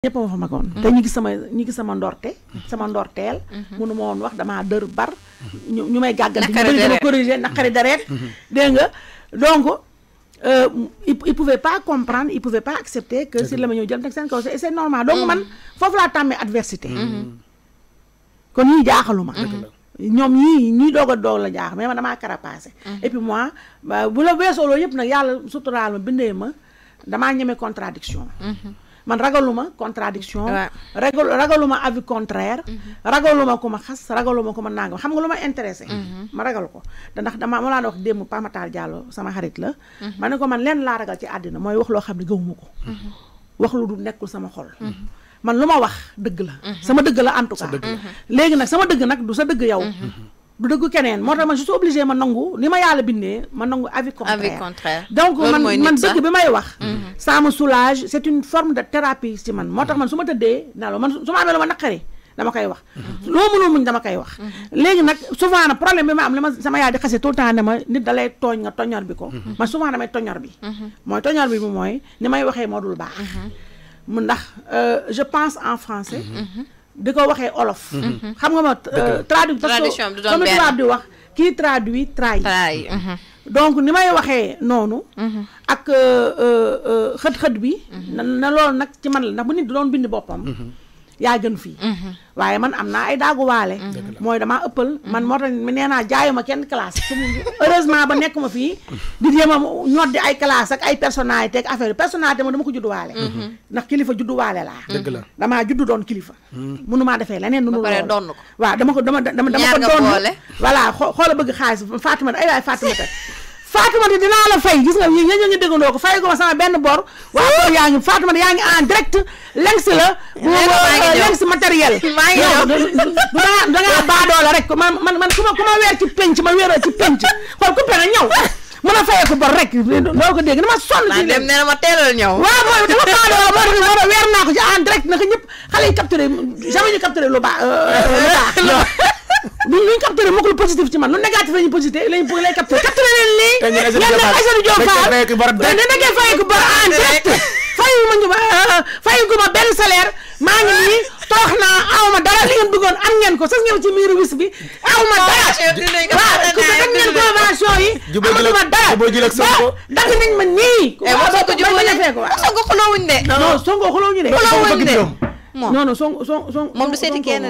ñëpp ma fa magoon mm-hmm. te ñu ngi sama ñi ngi sama ndorte sama ndorteel mm-hmm. munu ma woon wax dama dër bar mm-hmm. ñu may gàgganti di bëri dama corrigé naqari deret dégg nga donc euh, il pouvait pas comprendre il pouvait pas accepter que si la ma ñëw jël nag seen kaw c'est c'est normal donc man foofu laa tàmmee adversité kon ñii jaaxalu ma ñoom ñii ñii doog a doog la jaax mais man dama carapacé et puis moi bah, bu la weesoo loolu yëpp nag yàlla suturaal ma bindee ma dama ñeme contradiction man ragaluma contradiction ragal ragaluma avis contraire mhm. ragaluma ku ma xas ragaluma ko ma nangam xam nga lu ma intéressé mhm. ma ragal ko ndax dama ma laa wax démb Pamataal Diallo sama xarit la mhm. ma ne ko man lenn laa ragal ci àddina mooy wax loo xam ne gëwuma ko wax lu du nekkul sama xol man lu ma wax dëgg la sama dëgg la en tout cas léegi nag sama dëgg nag du sa dëgg yow du dëggu keneen moo tax man je suis obligé ma nangu ni ma yàlla bindee ma nangu avis contraire donc man man dëgg bi may wax mhm. ça me soulage c'est une forme de thérapie si man moo tax man su ma tëddee naa man su ma amee lu ma naqari dama koy wax mhm. loo mënul muñ dama koy wax mhm. léegi nak souvent nag problème bi ma am li ma sama yaay di xase tout le temps ne ma nit dalay lay tooñ nga toñor bi ko man souvent damay toñor bi mooy toñor bi bi mooy ni may waxee moo dul baax mu ndax euh, je pense en français di ko waxee olof. Mhm. Mhm. xam nga ma euh, traduit. tradition bi du doon benn tubaab di wax kii traduit trahi. Mhm. donc ni may waxee noonu. ak euh, euh, xët-xët bi. na loolu nag ci man la ndax bu nit doon bind boppam. yaa gën fii waaye man am naa ay daaguwaale mooy damaa ëppal mm-hmm. man moo tax mi nee naa jaayuma kenn classe heureusement ba nekk ma fii di jéem a ñoddi ay classe ak ay personnalité ak affaire personnalité moom dama ko judduwaale mm-hmm. ndax kilifa judduwaale laa damaa juddu doon kilifa mm. mënumaa defee leneen nu doon ko waaw dama ko dama dama ko doon voilà xoola bëgg xaalis Fatima ay waay Fatima Fatoumata dinaa la fay gis nga yéen ñoo ñu déggandoo ko fay ko sama benn bor. waaw yaa ngi Fatoumata yaa ngi en direct. lengs la. bu lengs matériel. maa ngi da ngaa baadoo la rek man man ku ma ku ma weer ci penc ma weeroo ci penc kon ku pena ñaw. mën a fayee ko bor rek loo ko dégg dama sonn ci dem nee na ma teelal ñëw waaw mooy dama baadoo moo tax moo weer naa ko ci en direct naka ñëpp xale yi capturé jamais ñu capturé lu baax euh, lu baax lu ñuy capturé moom lu positif ci man lu négatif la positif la ñuy lay capturé capturé leen lii. ne Aïssatou Diop Fall te ne da ngeen fayeku bor en direct fayu ma ma benn salaire maa ngi ma dara li ngeen bëggoon ko ma dara waaw dara waaw dagg ma nii ko eh, jubóolee waaw soo ko xulóowuñ de non soo ko xulóowuñ de xulóowuñ de non non soo soo soo moom du